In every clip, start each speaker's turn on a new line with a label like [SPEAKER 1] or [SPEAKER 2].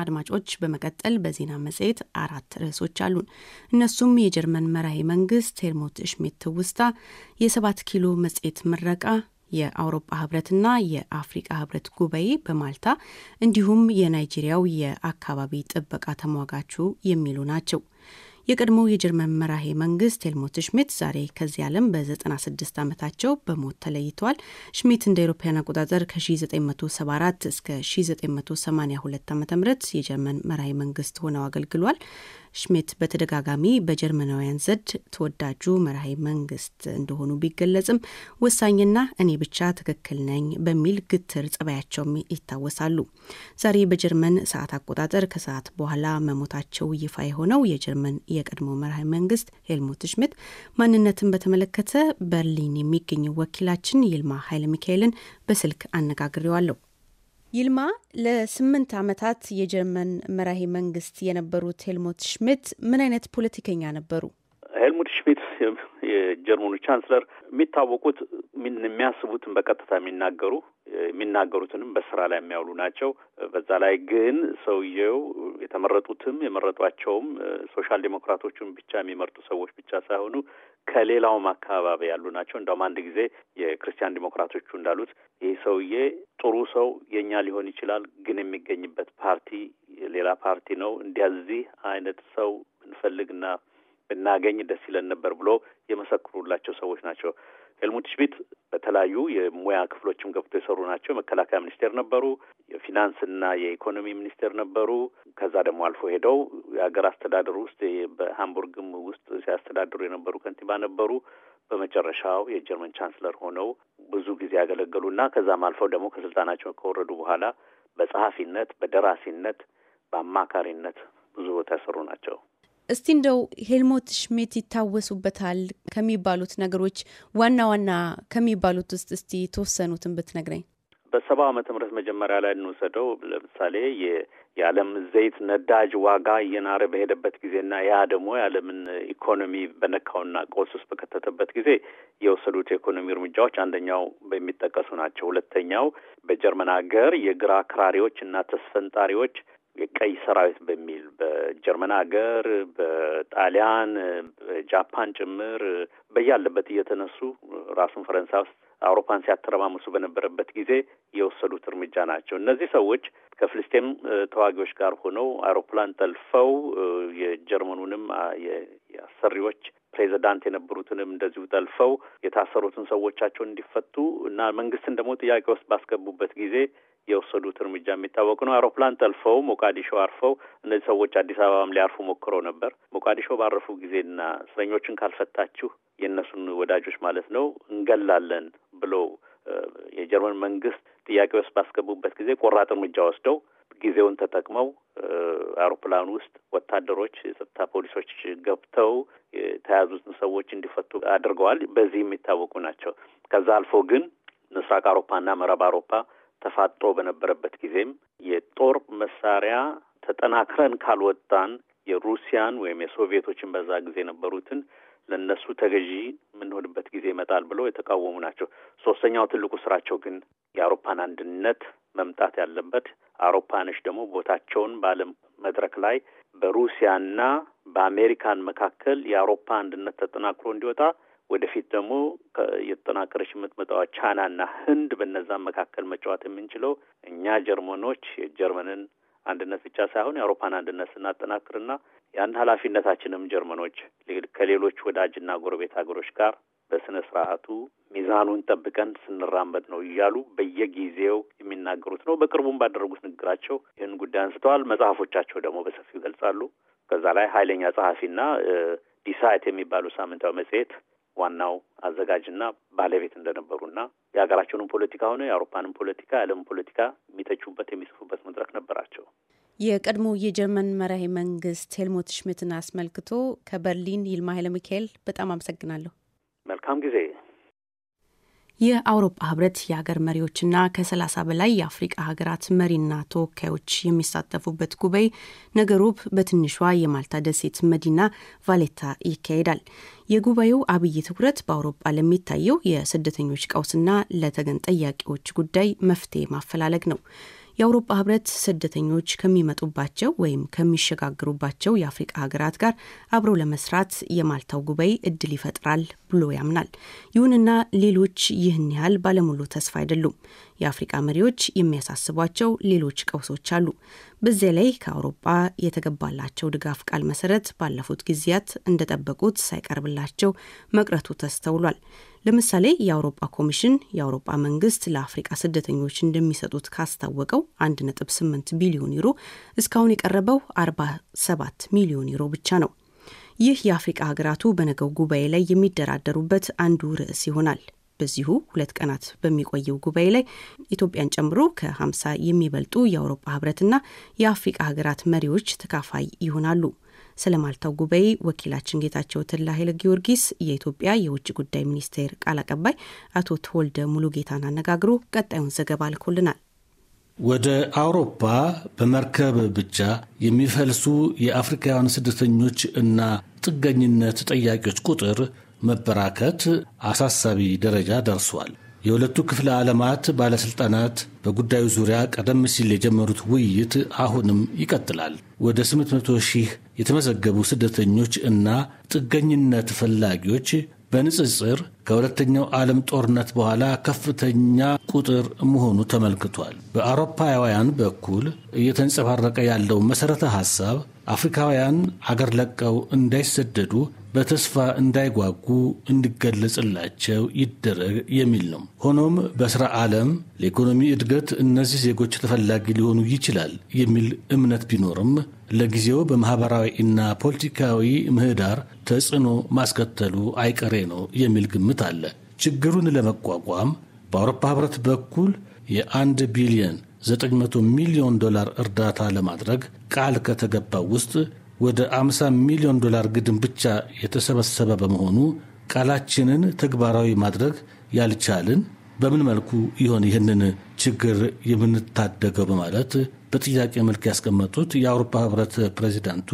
[SPEAKER 1] አድማጮች በመቀጠል በዜና መጽሔት አራት ርዕሶች አሉን። እነሱም የጀርመን መራሄ መንግስት ሄልሞት ሽሚት ትውስታ፣ የሰባት ኪሎ መጽሔት ምረቃ፣ የአውሮፓ ህብረትና የአፍሪቃ ህብረት ጉባኤ በማልታ እንዲሁም የናይጄሪያው የአካባቢ ጥበቃ ተሟጋቹ የሚሉ ናቸው። የቀድሞው የጀርመን መራሄ መንግስት ሄልሞት ሽሚት ዛሬ ከዚህ ዓለም በ96 ዓመታቸው በሞት ተለይተዋል። ሽሚት እንደ አውሮፓውያን አቆጣጠር ከ1974 እስከ 1982 ዓ ም የጀርመን መራሄ መንግስት ሆነው አገልግሏል። ሽሚት በተደጋጋሚ በጀርመናውያን ዘንድ ተወዳጁ መራሄ መንግስት እንደሆኑ ቢገለጽም ወሳኝና እኔ ብቻ ትክክል ነኝ በሚል ግትር ጸባያቸውም ይታወሳሉ። ዛሬ በጀርመን ሰዓት አቆጣጠር ከሰዓት በኋላ መሞታቸው ይፋ የሆነው የጀርመን የቀድሞ መራሄ መንግስት ሄልሙት ሽሚት ማንነትን በተመለከተ በርሊን የሚገኘው ወኪላችን ይልማ ኃይለ ሚካኤልን በስልክ አነጋግሬዋለሁ። ይልማ ለስምንት ዓመታት የጀርመን መራሄ መንግስት የነበሩት ሄልሙት ሽሚት ምን አይነት ፖለቲከኛ ነበሩ?
[SPEAKER 2] ሄልሙት ሽሚት የጀርመኑ ቻንስለር የሚታወቁት የሚያስቡትን በቀጥታ የሚናገሩ የሚናገሩትንም በስራ ላይ የሚያውሉ ናቸው። በዛ ላይ ግን ሰውየው የተመረጡትም የመረጧቸውም ሶሻል ዴሞክራቶቹን ብቻ የሚመርጡ ሰዎች ብቻ ሳይሆኑ ከሌላውም አካባቢ ያሉ ናቸው። እንደውም አንድ ጊዜ የክርስቲያን ዲሞክራቶቹ እንዳሉት ይህ ሰውዬ ጥሩ ሰው የኛ ሊሆን ይችላል፣ ግን የሚገኝበት ፓርቲ ሌላ ፓርቲ ነው። እንዲያዚህ አይነት ሰው ብንፈልግና ብናገኝ ደስ ይለን ነበር ብሎ የመሰክሩላቸው ሰዎች ናቸው። ሄልሙት ሽሚት በተለያዩ የሙያ ክፍሎችም ገብቶ የሰሩ ናቸው። የመከላከያ ሚኒስቴር ነበሩ፣ የፊናንስና የኢኮኖሚ ሚኒስቴር ነበሩ። ከዛ ደግሞ አልፎ ሄደው የሀገር አስተዳደር ውስጥ በሃምቡርግም ውስጥ ሲያስተዳድሩ የነበሩ ከንቲባ ነበሩ። በመጨረሻው የጀርመን ቻንስለር ሆነው ብዙ ጊዜ ያገለገሉና ከዛም አልፈው ደግሞ ከስልጣናቸው ከወረዱ በኋላ በጸሐፊነት፣ በደራሲነት፣ በአማካሪነት ብዙ ቦታ የሰሩ ናቸው።
[SPEAKER 1] እስቲ እንደው ሄልሞት ሽሜት ይታወሱበታል ከሚባሉት ነገሮች ዋና ዋና ከሚባሉት ውስጥ እስቲ የተወሰኑትን ብትነግረኝ።
[SPEAKER 2] በሰባ ዓመተ ምህረት መጀመሪያ ላይ እንውሰደው። ለምሳሌ የዓለም ዘይት ነዳጅ ዋጋ እየናረ በሄደበት ጊዜና ያ ደግሞ የዓለምን ኢኮኖሚ በነካውና ቀውስ ውስጥ በከተተበት ጊዜ የወሰዱት የኢኮኖሚ እርምጃዎች አንደኛው የሚጠቀሱ ናቸው። ሁለተኛው በጀርመን ሀገር የግራ አክራሪዎች እና ተስፈንጣሪዎች ቀይ ሰራዊት በሚል በጀርመን ሀገር፣ በጣሊያን፣ በጃፓን ጭምር በያለበት እየተነሱ ራሱን ፈረንሳይ ውስጥ አውሮፓን ሲያተረማመሱ በነበረበት ጊዜ የወሰዱት እርምጃ ናቸው። እነዚህ ሰዎች ከፍልስጤም ተዋጊዎች ጋር ሆነው አውሮፕላን ጠልፈው የጀርመኑንም የአሰሪዎች ፕሬዚዳንት የነበሩትንም እንደዚሁ ጠልፈው የታሰሩትን ሰዎቻቸውን እንዲፈቱ እና መንግስትን ደግሞ ጥያቄ ውስጥ ባስገቡበት ጊዜ የወሰዱት እርምጃ የሚታወቅ ነው። አውሮፕላን ጠልፈው ሞቃዲሾ አርፈው እነዚህ ሰዎች አዲስ አበባም ሊያርፉ ሞክረው ነበር። ሞቃዲሾ ባረፉ ጊዜና እስረኞችን ካልፈታችሁ የእነሱን ወዳጆች ማለት ነው እንገላለን ብሎ የጀርመን መንግስት ጥያቄ ውስጥ ባስገቡበት ጊዜ ቆራጥ እርምጃ ወስደው ጊዜውን ተጠቅመው አውሮፕላን ውስጥ ወታደሮች፣ የጸጥታ ፖሊሶች ገብተው የተያዙትን ሰዎች እንዲፈቱ አድርገዋል። በዚህ የሚታወቁ ናቸው። ከዛ አልፎ ግን ምስራቅ አውሮፓና ምዕራብ አውሮፓ ተፋጦ በነበረበት ጊዜም የጦር መሳሪያ ተጠናክረን ካልወጣን የሩሲያን ወይም የሶቪየቶችን በዛ ጊዜ የነበሩትን ለነሱ ተገዢ የምንሆንበት ጊዜ ይመጣል ብለው የተቃወሙ ናቸው። ሶስተኛው ትልቁ ስራቸው ግን የአውሮፓን አንድነት መምጣት ያለበት አውሮፓኖች ደግሞ ቦታቸውን በዓለም መድረክ ላይ በሩሲያና በአሜሪካን መካከል የአውሮፓ አንድነት ተጠናክሮ እንዲወጣ ወደፊት ደግሞ የተጠናከረች የምትመጣዋ ቻይናና ህንድ በነዛም መካከል መጫወት የምንችለው እኛ ጀርመኖች የጀርመንን አንድነት ብቻ ሳይሆን የአውሮፓን አንድነት ስናጠናክርና ያን ኃላፊነታችንም ጀርመኖች ከሌሎች ወዳጅና ጎረቤት ሀገሮች ጋር በስነ ስርዓቱ ሚዛኑን ጠብቀን ስንራመድ ነው እያሉ በየጊዜው የሚናገሩት ነው። በቅርቡም ባደረጉት ንግግራቸው ይህን ጉዳይ አንስተዋል። መጽሐፎቻቸው ደግሞ በሰፊው ይገልጻሉ። ከዛ ላይ ኃይለኛ ጸሐፊና ዲሳይት የሚባሉ ሳምንታዊ መጽሔት ዋናው አዘጋጅና ባለቤት እንደነበሩና የሀገራቸውንም ፖለቲካ ሆነ የአውሮፓንም ፖለቲካ የዓለም ፖለቲካ የሚተቹበት የሚጽፉበት መድረክ ነበራቸው።
[SPEAKER 1] የቀድሞ የጀርመን መራሄ መንግስት ሄልሙት ሽሚትን አስመልክቶ ከበርሊን ይልማ ኃይለ ሚካኤል በጣም አመሰግናለሁ። መልካም ጊዜ። የአውሮፓ ህብረት የሀገር መሪዎችና ከ30 በላይ የአፍሪቃ ሀገራት መሪና ተወካዮች የሚሳተፉበት ጉባኤ ነገ ሮብ በትንሿ የማልታ ደሴት መዲና ቫሌታ ይካሄዳል። የጉባኤው አብይ ትኩረት በአውሮፓ ለሚታየው የስደተኞች ቀውስና ለተገን ጠያቂዎች ጉዳይ መፍትሄ ማፈላለግ ነው። የአውሮፓ ህብረት ስደተኞች ከሚመጡባቸው ወይም ከሚሸጋግሩባቸው የአፍሪቃ ሀገራት ጋር አብሮ ለመስራት የማልታው ጉባኤ እድል ይፈጥራል ብሎ ያምናል። ይሁንና ሌሎች ይህን ያህል ባለሙሉ ተስፋ አይደሉም። የአፍሪቃ መሪዎች የሚያሳስቧቸው ሌሎች ቀውሶች አሉ። በዚያ ላይ ከአውሮፓ የተገባላቸው ድጋፍ ቃል መሰረት ባለፉት ጊዜያት እንደጠበቁት ሳይቀርብላቸው መቅረቱ ተስተውሏል። ለምሳሌ የአውሮፓ ኮሚሽን የአውሮፓ መንግስት ለአፍሪቃ ስደተኞች እንደሚሰጡት ካስታወቀው 1.8 ቢሊዮን ዩሮ እስካሁን የቀረበው 47 ሚሊዮን ዩሮ ብቻ ነው። ይህ የአፍሪቃ ሀገራቱ በነገው ጉባኤ ላይ የሚደራደሩበት አንዱ ርዕስ ይሆናል። በዚሁ ሁለት ቀናት በሚቆየው ጉባኤ ላይ ኢትዮጵያን ጨምሮ ከ የሚበልጡ የአውሮፓ ህብረትና የአፍሪቃ ሀገራት መሪዎች ተካፋይ ይሆናሉ። ስለ ማልታው ጉባኤ ወኪላችን ጌታቸው ትላ ኃይለ ጊዮርጊስ የኢትዮጵያ የውጭ ጉዳይ ሚኒስቴር ቃል አቀባይ አቶ ተወልደ ጌታን አነጋግሮ ቀጣዩን ዘገባ ልኮልናል።
[SPEAKER 3] ወደ አውሮፓ በመርከብ ብቻ የሚፈልሱ የአፍሪካውያን ስደተኞች እና ጥገኝነት ጠያቂዎች ቁጥር መበራከት አሳሳቢ ደረጃ ደርሷል። የሁለቱ ክፍለ ዓለማት ባለሥልጣናት በጉዳዩ ዙሪያ ቀደም ሲል የጀመሩት ውይይት አሁንም ይቀጥላል። ወደ 800 ሺህ የተመዘገቡ ስደተኞች እና ጥገኝነት ፈላጊዎች በንጽጽር ከሁለተኛው ዓለም ጦርነት በኋላ ከፍተኛ ቁጥር መሆኑ ተመልክቷል። በአውሮፓውያን በኩል እየተንጸባረቀ ያለው መሠረተ ሐሳብ አፍሪካውያን አገር ለቀው እንዳይሰደዱ በተስፋ እንዳይጓጉ እንዲገለጽላቸው ይደረግ የሚል ነው። ሆኖም በስራ ዓለም ለኢኮኖሚ እድገት እነዚህ ዜጎች ተፈላጊ ሊሆኑ ይችላል የሚል እምነት ቢኖርም ለጊዜው በማህበራዊ እና ፖለቲካዊ ምህዳር ተጽዕኖ ማስከተሉ አይቀሬ ነው የሚል ግምት አለ። ችግሩን ለመቋቋም በአውሮፓ ህብረት በኩል የአንድ ቢሊየን 900 ሚሊዮን ዶላር እርዳታ ለማድረግ ቃል ከተገባው ውስጥ ወደ 50 ሚሊዮን ዶላር ግድም ብቻ የተሰበሰበ በመሆኑ ቃላችንን ተግባራዊ ማድረግ ያልቻልን በምን መልኩ ይሆን ይህንን ችግር የምንታደገው በማለት በጥያቄ መልክ ያስቀመጡት የአውሮፓ ህብረት ፕሬዚዳንቱ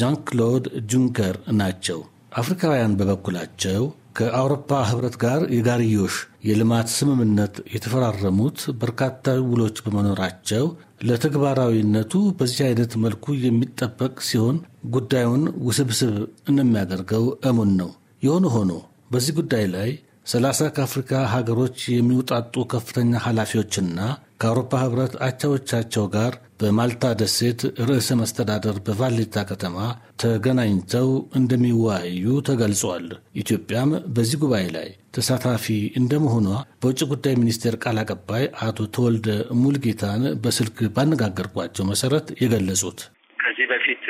[SPEAKER 3] ዣን ክሎድ ጁንከር ናቸው። አፍሪካውያን በበኩላቸው ከአውሮፓ ህብረት ጋር የጋርዮሽ የልማት ስምምነት የተፈራረሙት በርካታ ውሎች በመኖራቸው ለተግባራዊነቱ በዚህ አይነት መልኩ የሚጠበቅ ሲሆን ጉዳዩን ውስብስብ እንደሚያደርገው እሙን ነው። የሆነ ሆኖ በዚህ ጉዳይ ላይ ሰላሳ ከአፍሪካ ሀገሮች የሚውጣጡ ከፍተኛ ኃላፊዎችና ከአውሮፓ ህብረት አቻዎቻቸው ጋር በማልታ ደሴት ርዕሰ መስተዳደር በቫሌታ ከተማ ተገናኝተው እንደሚወያዩ ተገልጿል። ኢትዮጵያም በዚህ ጉባኤ ላይ ተሳታፊ እንደመሆኗ በውጭ ጉዳይ ሚኒስቴር ቃል አቀባይ አቶ ተወልደ ሙልጌታን በስልክ ባነጋገርኳቸው መሰረት የገለጹት
[SPEAKER 2] ከዚህ በፊት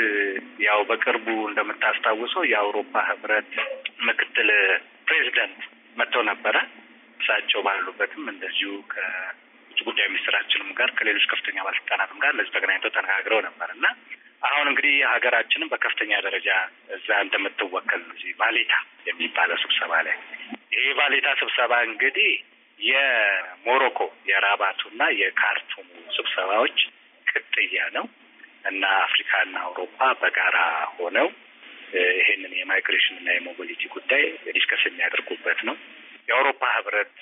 [SPEAKER 2] ያው በቅርቡ እንደምታስታውሰው የአውሮፓ ህብረት ምክትል ፕሬዚደንት መጥተው ነበረ። እሳቸው ባሉበትም እንደዚሁ ውጭ ጉዳይ ሚኒስትራችንም ጋር ከሌሎች ከፍተኛ ባለስልጣናትም ጋር እነዚህ ተገናኝተው ተነጋግረው ነበር እና አሁን እንግዲህ ሀገራችንም በከፍተኛ ደረጃ እዛ እንደምትወከል ባሌታ የሚባለው ስብሰባ ላይ ይሄ ባሌታ ስብሰባ እንግዲህ
[SPEAKER 3] የሞሮኮ
[SPEAKER 2] የራባቱ እና የካርቱሙ ስብሰባዎች ቅጥያ ነው እና አፍሪካና አውሮፓ በጋራ ሆነው ይሄንን የማይግሬሽን እና የሞቢሊቲ ጉዳይ ዲስከስ የሚያደርጉበት ነው። የአውሮፓ ህብረት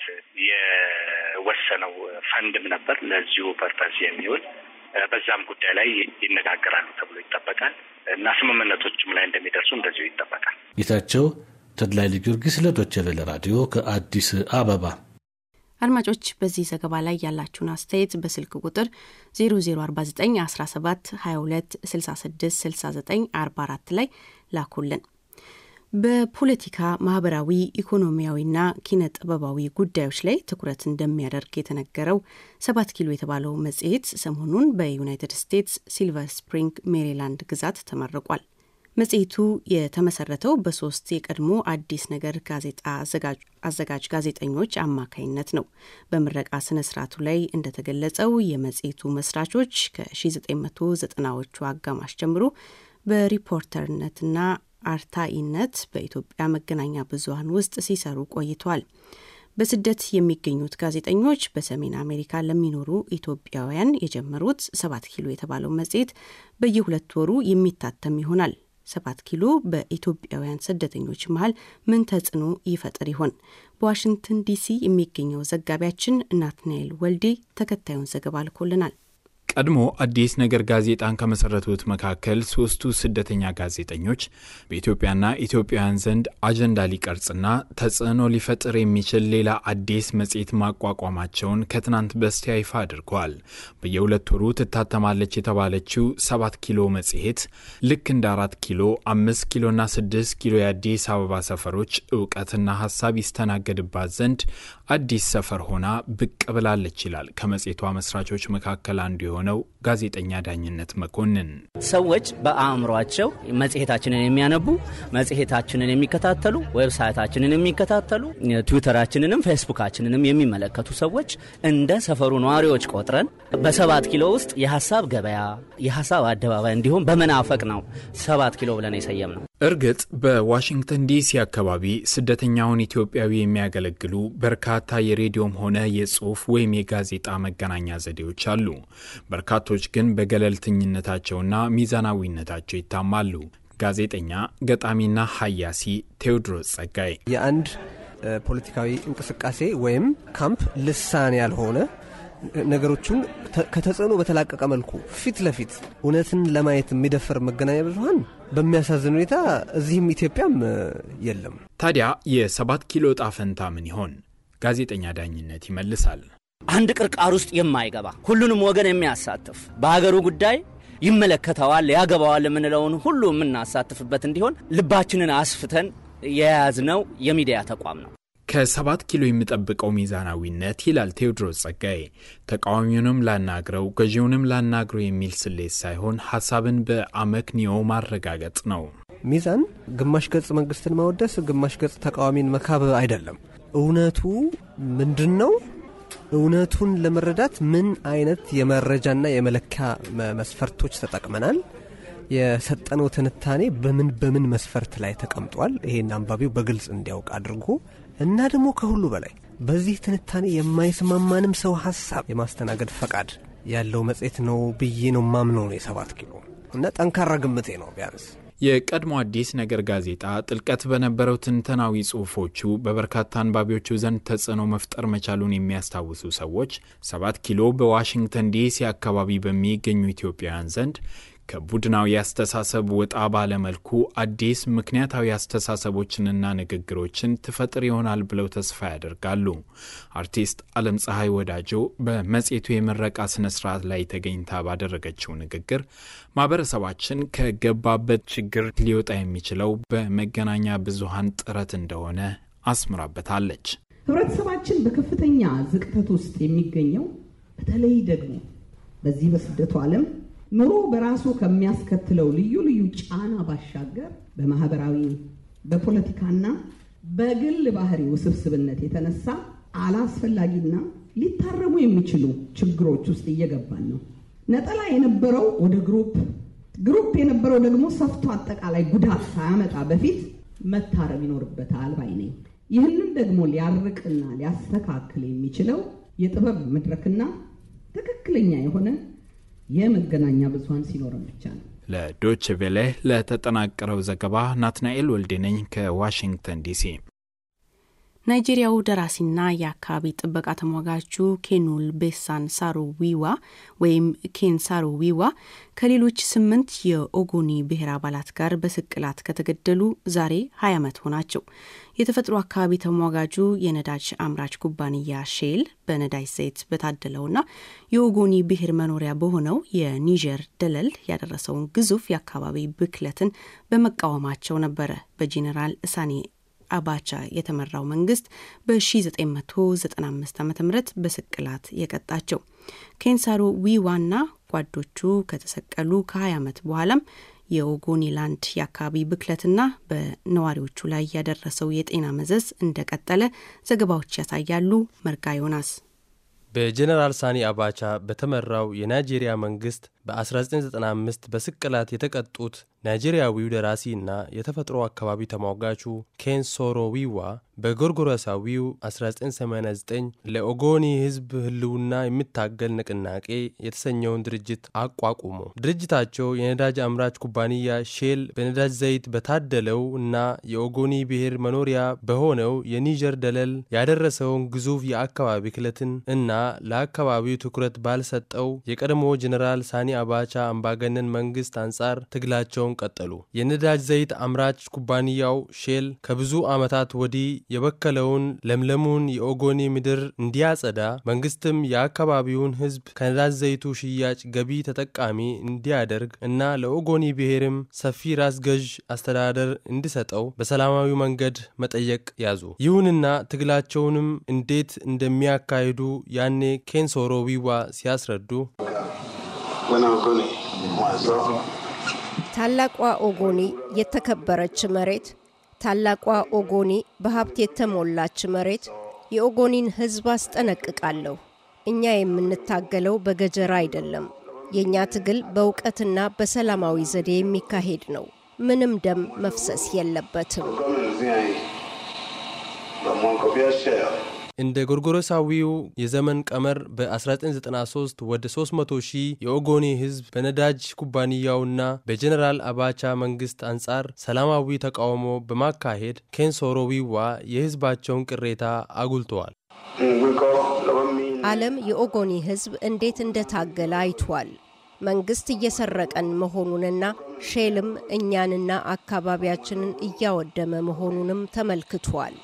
[SPEAKER 2] የወሰነው ፈንድም ነበር ለዚሁ ፐርፐዝ የሚውል በዛም ጉዳይ ላይ ይነጋገራሉ ተብሎ ይጠበቃል እና ስምምነቶችም ላይ እንደሚደርሱ እንደዚሁ ይጠበቃል።
[SPEAKER 3] ጌታቸው ተድላይ ጊዮርጊስ ለዶይቼ ቬለ ራዲዮ ከአዲስ አበባ።
[SPEAKER 1] አድማጮች በዚህ ዘገባ ላይ ያላችሁን አስተያየት በስልክ ቁጥር 0049 17 22 66 69 44 ላይ ላኩልን። በፖለቲካ ማህበራዊ፣ ኢኮኖሚያዊና ኪነ ጥበባዊ ጉዳዮች ላይ ትኩረት እንደሚያደርግ የተነገረው ሰባት ኪሎ የተባለው መጽሔት ሰሞኑን በዩናይትድ ስቴትስ ሲልቨር ስፕሪንግ ሜሪላንድ ግዛት ተመርቋል። መጽሔቱ የተመሰረተው በሶስት የቀድሞ አዲስ ነገር ጋዜጣ አዘጋጅ ጋዜጠኞች አማካይነት ነው። በምረቃ ስነ ስርዓቱ ላይ እንደተገለጸው የመጽሔቱ መስራቾች ከ1990ዎቹ አጋማሽ ጀምሮ በሪፖርተርነትና አርታኢነት በኢትዮጵያ መገናኛ ብዙሀን ውስጥ ሲሰሩ ቆይቷል። በስደት የሚገኙት ጋዜጠኞች በሰሜን አሜሪካ ለሚኖሩ ኢትዮጵያውያን የጀመሩት ሰባት ኪሎ የተባለው መጽሔት በየሁለት ወሩ የሚታተም ይሆናል። ሰባት ኪሎ በኢትዮጵያውያን ስደተኞች መሀል ምን ተጽዕኖ ይፈጥር ይሆን? በዋሽንግተን ዲሲ የሚገኘው ዘጋቢያችን ናትናኤል ወልዴ ተከታዩን ዘገባ ልኮልናል።
[SPEAKER 4] ቀድሞ አዲስ ነገር ጋዜጣን ከመሰረቱት መካከል ሶስቱ ስደተኛ ጋዜጠኞች በኢትዮጵያና ኢትዮጵያውያን ዘንድ አጀንዳ ሊቀርጽና ተጽዕኖ ሊፈጥር የሚችል ሌላ አዲስ መጽሔት ማቋቋማቸውን ከትናንት በስቲያ ይፋ አድርገዋል። በየሁለት ወሩ ትታተማለች የተባለችው ሰባት ኪሎ መጽሔት ልክ እንደ አራት ኪሎ፣ አምስት ኪሎና ስድስት ኪሎ የአዲስ አበባ ሰፈሮች እውቀትና ሀሳብ ይስተናገድባት ዘንድ አዲስ ሰፈር ሆና ብቅ ብላለች ይላል ከመጽሔቷ መስራቾች መካከል አንዱ የሆነ የሆነው ጋዜጠኛ ዳኝነት መኮንን
[SPEAKER 2] ሰዎች በአእምሯቸው መጽሔታችንን የሚያነቡ መጽሔታችንን የሚከታተሉ ዌብሳይታችንን የሚከታተሉ ትዊተራችንንም ፌስቡካችንንም የሚመለከቱ ሰዎች እንደ ሰፈሩ ነዋሪዎች ቆጥረን በሰባት ኪሎ ውስጥ የሀሳብ ገበያ የሀሳብ አደባባይ
[SPEAKER 4] እንዲሁም በመናፈቅ ነው ሰባት ኪሎ ብለን የሰየም ነው። እርግጥ በዋሽንግተን ዲሲ አካባቢ ስደተኛውን ኢትዮጵያዊ የሚያገለግሉ በርካታ የሬዲዮም ሆነ የጽሑፍ ወይም የጋዜጣ መገናኛ ዘዴዎች አሉ። በርካቶች ግን በገለልተኝነታቸውና ሚዛናዊነታቸው ይታማሉ። ጋዜጠኛ፣ ገጣሚና ሀያሲ ቴዎድሮስ
[SPEAKER 5] ጸጋይ የአንድ ፖለቲካዊ እንቅስቃሴ ወይም ካምፕ ልሳን ያልሆነ ነገሮቹን ከተጽዕኖ በተላቀቀ መልኩ ፊት ለፊት እውነትን ለማየት የሚደፈር መገናኛ ብዙኃን በሚያሳዝን ሁኔታ እዚህም ኢትዮጵያም የለም።
[SPEAKER 4] ታዲያ የሰባት ኪሎ ዕጣ ፈንታ ምን ይሆን? ጋዜጠኛ ዳኝነት ይመልሳል። አንድ ቅርቃር ውስጥ የማይገባ ሁሉንም ወገን የሚያሳትፍ በሀገሩ ጉዳይ ይመለከተዋል፣
[SPEAKER 2] ያገባዋል የምንለውን ሁሉ የምናሳትፍበት እንዲሆን ልባችንን አስፍተን
[SPEAKER 5] የያዝነው
[SPEAKER 6] የሚዲያ ተቋም ነው።
[SPEAKER 4] ከሰባት ኪሎ የሚጠብቀው ሚዛናዊነት ይላል ቴዎድሮስ ጸጋዬ። ተቃዋሚውንም ላናግረው ገዢውንም ላናግረው የሚል ስሌት ሳይሆን ሀሳብን በአመክንዮ ማረጋገጥ ነው።
[SPEAKER 5] ሚዛን ግማሽ ገጽ መንግስትን ማወደስ፣ ግማሽ ገጽ ተቃዋሚን መካብ አይደለም። እውነቱ ምንድን ነው? እውነቱን ለመረዳት ምን አይነት የመረጃና የመለኪያ መስፈርቶች ተጠቅመናል? የሰጠነው ትንታኔ በምን በምን መስፈርት ላይ ተቀምጧል? ይሄን አንባቢው በግልጽ እንዲያውቅ አድርጎ እና ደግሞ ከሁሉ በላይ በዚህ ትንታኔ የማይስማማንም ሰው ሀሳብ የማስተናገድ ፈቃድ ያለው መጽሔት ነው ብዬ ነው ማምነው ነው የሰባት ኪሎ እና ጠንካራ ግምቴ ነው
[SPEAKER 4] ቢያንስ የቀድሞ አዲስ ነገር ጋዜጣ ጥልቀት በነበረው ትንተናዊ ጽሑፎቹ በበርካታ አንባቢዎቹ ዘንድ ተጽዕኖ መፍጠር መቻሉን የሚያስታውሱ ሰዎች ሰባት ኪሎ በዋሽንግተን ዲሲ አካባቢ በሚገኙ ኢትዮጵያውያን ዘንድ ከቡድናዊ አስተሳሰብ ወጣ ባለመልኩ አዲስ ምክንያታዊ አስተሳሰቦችንና ንግግሮችን ትፈጥር ይሆናል ብለው ተስፋ ያደርጋሉ። አርቲስት አለም ፀሐይ ወዳጆ በመጽሔቱ የምረቃ ስነ ስርዓት ላይ ተገኝታ ባደረገችው ንግግር ማህበረሰባችን ከገባበት ችግር ሊወጣ የሚችለው በመገናኛ ብዙሃን ጥረት እንደሆነ አስምራበታለች።
[SPEAKER 1] ህብረተሰባችን በከፍተኛ ዝቅተት ውስጥ የሚገኘው በተለይ ደግሞ በዚህ በስደቱ ዓለም ኑሮ በራሱ ከሚያስከትለው ልዩ ልዩ ጫና ባሻገር በማህበራዊ በፖለቲካና በግል ባህሪ ውስብስብነት የተነሳ አላስፈላጊና ሊታረሙ የሚችሉ ችግሮች ውስጥ እየገባን ነው። ነጠላ የነበረው ወደ ግሩፕ፣ ግሩፕ የነበረው ደግሞ ሰፍቶ አጠቃላይ ጉዳት ሳያመጣ በፊት መታረም ይኖርበታል ባይ ነኝ። ይህንን ደግሞ ሊያርቅና ሊያስተካክል የሚችለው የጥበብ መድረክና ትክክለኛ የሆነ የመገናኛ ብዙሀን ሲኖረን ብቻ ነው።
[SPEAKER 4] ለዶች ቬሌ ለተጠናቀረው ዘገባ ናትናኤል ወልዴነኝ ከዋሽንግተን ዲሲ።
[SPEAKER 1] ናይጄሪያው ደራሲና የአካባቢ ጥበቃ ተሟጋቹ ኬኑል ቤሳን ዊዋ ወይም ኬን ዊዋ ከሌሎች ስምንት የኦጎኒ ብሔር አባላት ጋር በስቅላት ከተገደሉ ዛሬ 20 ዓመት ሆናቸው። የተፈጥሮ አካባቢ ተሟጋጁ የነዳጅ አምራች ኩባንያ ሼል በነዳጅ ዘይት በታደለውና የኦጎኒ ብሔር መኖሪያ በሆነው የኒጀር ደለል ያደረሰውን ግዙፍ የአካባቢ ብክለትን በመቃወማቸው ነበረ በጄኔራል እሳኔ አባቻ የተመራው መንግስት በ1995 ዓ ም በስቅላት የቀጣቸው ኬንሳሮ ዊዋና ጓዶቹ ከተሰቀሉ ከ20 ዓመት በኋላም የኦጎኒላንድ የአካባቢ ብክለትና በነዋሪዎቹ ላይ ያደረሰው የጤና መዘዝ እንደቀጠለ ዘገባዎች ያሳያሉ። መርጋ ዮናስ
[SPEAKER 5] በጀነራል ሳኒ አባቻ በተመራው የናይጄሪያ መንግስት በ1995 በስቅላት የተቀጡት ናይጄሪያዊው ደራሲ እና የተፈጥሮ አካባቢ ተሟጋቹ ዊዋ በጎርጎረሳዊው 1989 ለኦጎኒ ሕዝብ ህልውና የሚታገል ንቅናቄ የተሰኘውን ድርጅት አቋቁሞ ድርጅታቸው የነዳጅ አምራች ኩባንያ ሼል በነዳጅ ዘይት በታደለው እና የኦጎኒ ብሔር መኖሪያ በሆነው የኒጀር ደለል ያደረሰውን ግዙፍ የአካባቢ ክለትን እና ለአካባቢው ትኩረት ባልሰጠው የቀድሞ ጀኔራል ሳኒ አባቻ አምባገነን መንግስት አንጻር ትግላቸውን ቀጠሉ። የነዳጅ ዘይት አምራች ኩባንያው ሼል ከብዙ ዓመታት ወዲህ የበከለውን ለምለሙን የኦጎኒ ምድር እንዲያጸዳ መንግስትም የአካባቢውን ህዝብ ከነዳጅ ዘይቱ ሽያጭ ገቢ ተጠቃሚ እንዲያደርግ እና ለኦጎኒ ብሔርም ሰፊ ራስ ገዥ አስተዳደር እንዲሰጠው በሰላማዊ መንገድ መጠየቅ ያዙ። ይሁንና ትግላቸውንም እንዴት እንደሚያካሂዱ ያኔ ኬንሶሮ ዊዋ ሲያስረዱ
[SPEAKER 6] ታላቋ ኦጎኒ የተከበረች መሬት፣ ታላቋ ኦጎኒ በሀብት የተሞላች መሬት፣ የኦጎኒን ሕዝብ አስጠነቅቃለሁ። እኛ የምንታገለው በገጀራ አይደለም። የእኛ ትግል በእውቀትና በሰላማዊ ዘዴ የሚካሄድ ነው። ምንም ደም መፍሰስ የለበትም።
[SPEAKER 5] እንደ ጎርጎሮሳዊው የዘመን ቀመር በ1993 ወደ 300 ሺህ የኦጎኔ ህዝብ በነዳጅ ኩባንያውና በጀኔራል አባቻ መንግስት አንጻር ሰላማዊ ተቃውሞ በማካሄድ ዊዋ የህዝባቸውን ቅሬታ አጉልተዋል።
[SPEAKER 6] ዓለም የኦጎኔ ህዝብ እንዴት እንደታገለ አይቷል። መንግስት እየሰረቀን መሆኑንና ሼልም እኛንና አካባቢያችንን እያወደመ መሆኑንም ተመልክቷል።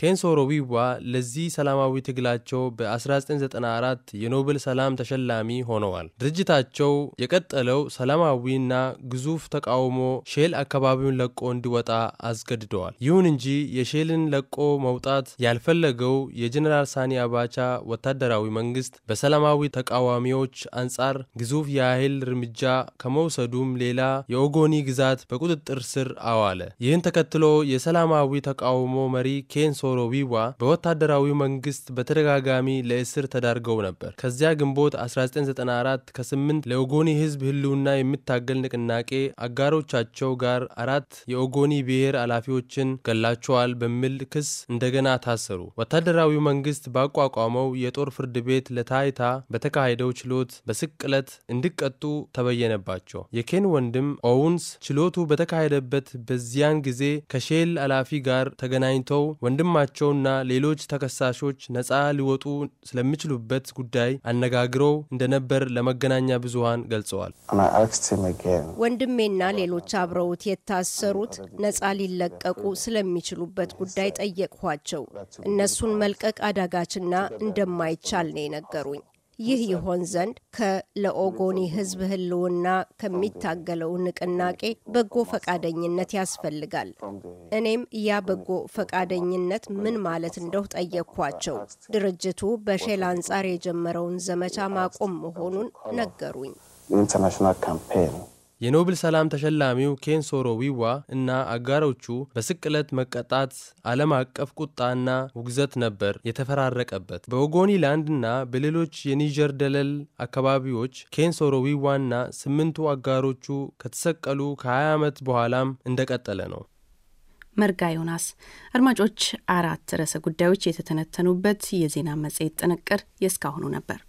[SPEAKER 5] ኬንሶ ሮቢዋ ለዚህ ሰላማዊ ትግላቸው በ1994 የኖብል ሰላም ተሸላሚ ሆነዋል። ድርጅታቸው የቀጠለው ሰላማዊና ግዙፍ ተቃውሞ ሼል አካባቢውን ለቆ እንዲወጣ አስገድደዋል። ይሁን እንጂ የሼልን ለቆ መውጣት ያልፈለገው የጀኔራል ሳኒ አባቻ ወታደራዊ መንግስት በሰላማዊ ተቃዋሚዎች አንጻር ግዙፍ የኃይል እርምጃ ከመውሰዱም ሌላ የኦጎኒ ግዛት በቁጥጥር ስር አዋለ። ይህን ተከትሎ የሰላማዊ ተቃውሞ መሪ ኬንሶ ኦሮቢዋ በወታደራዊ መንግስት በተደጋጋሚ ለእስር ተዳርገው ነበር። ከዚያ ግንቦት 1994 ከ8 ለኦጎኒ ህዝብ ህልውና የሚታገል ንቅናቄ አጋሮቻቸው ጋር አራት የኦጎኒ ብሔር ኃላፊዎችን ገላቸዋል በሚል ክስ እንደገና ታሰሩ። ወታደራዊ መንግስት ባቋቋመው የጦር ፍርድ ቤት ለታይታ በተካሄደው ችሎት በስቅለት እንዲቀጡ ተበየነባቸው። የኬን ወንድም ኦውንስ ችሎቱ በተካሄደበት በዚያን ጊዜ ከሼል ኃላፊ ጋር ተገናኝተው ወንድም ወንድማቸውና ሌሎች ተከሳሾች ነፃ ሊወጡ ስለሚችሉበት ጉዳይ አነጋግረው እንደነበር ለመገናኛ ብዙሀን ገልጸዋል።
[SPEAKER 6] ወንድሜና ሌሎች አብረውት የታሰሩት ነፃ ሊለቀቁ ስለሚችሉበት ጉዳይ ጠየቅኋቸው። እነሱን መልቀቅ አዳጋችና እንደማይቻል ነው የነገሩኝ። ይህ ይሆን ዘንድ ከለኦጎኒ ህዝብ ህልውና ከሚታገለው ንቅናቄ በጎ ፈቃደኝነት ያስፈልጋል። እኔም ያ በጎ ፈቃደኝነት ምን ማለት እንደው ጠየቅኳቸው። ድርጅቱ በሼል አንጻር የጀመረውን ዘመቻ ማቆም መሆኑን ነገሩኝ።
[SPEAKER 5] የኖብል ሰላም ተሸላሚው ኬንሶሮ ዊዋ እና አጋሮቹ በስቅለት መቀጣት ዓለም አቀፍ ቁጣና ውግዘት ነበር የተፈራረቀበት። እና በሌሎች የኒጀር ደለል አካባቢዎች ኬንሶሮ ዊዋና ስምንቱ አጋሮቹ ከተሰቀሉ ከ20 ዓመት በኋላም እንደቀጠለ ነው።
[SPEAKER 1] መርጋ ዮናስ። አድማጮች፣ አራት ርዕሰ ጉዳዮች የተተነተኑበት የዜና መጽሔት ጥንቅር የእስካሁኑ ነበር።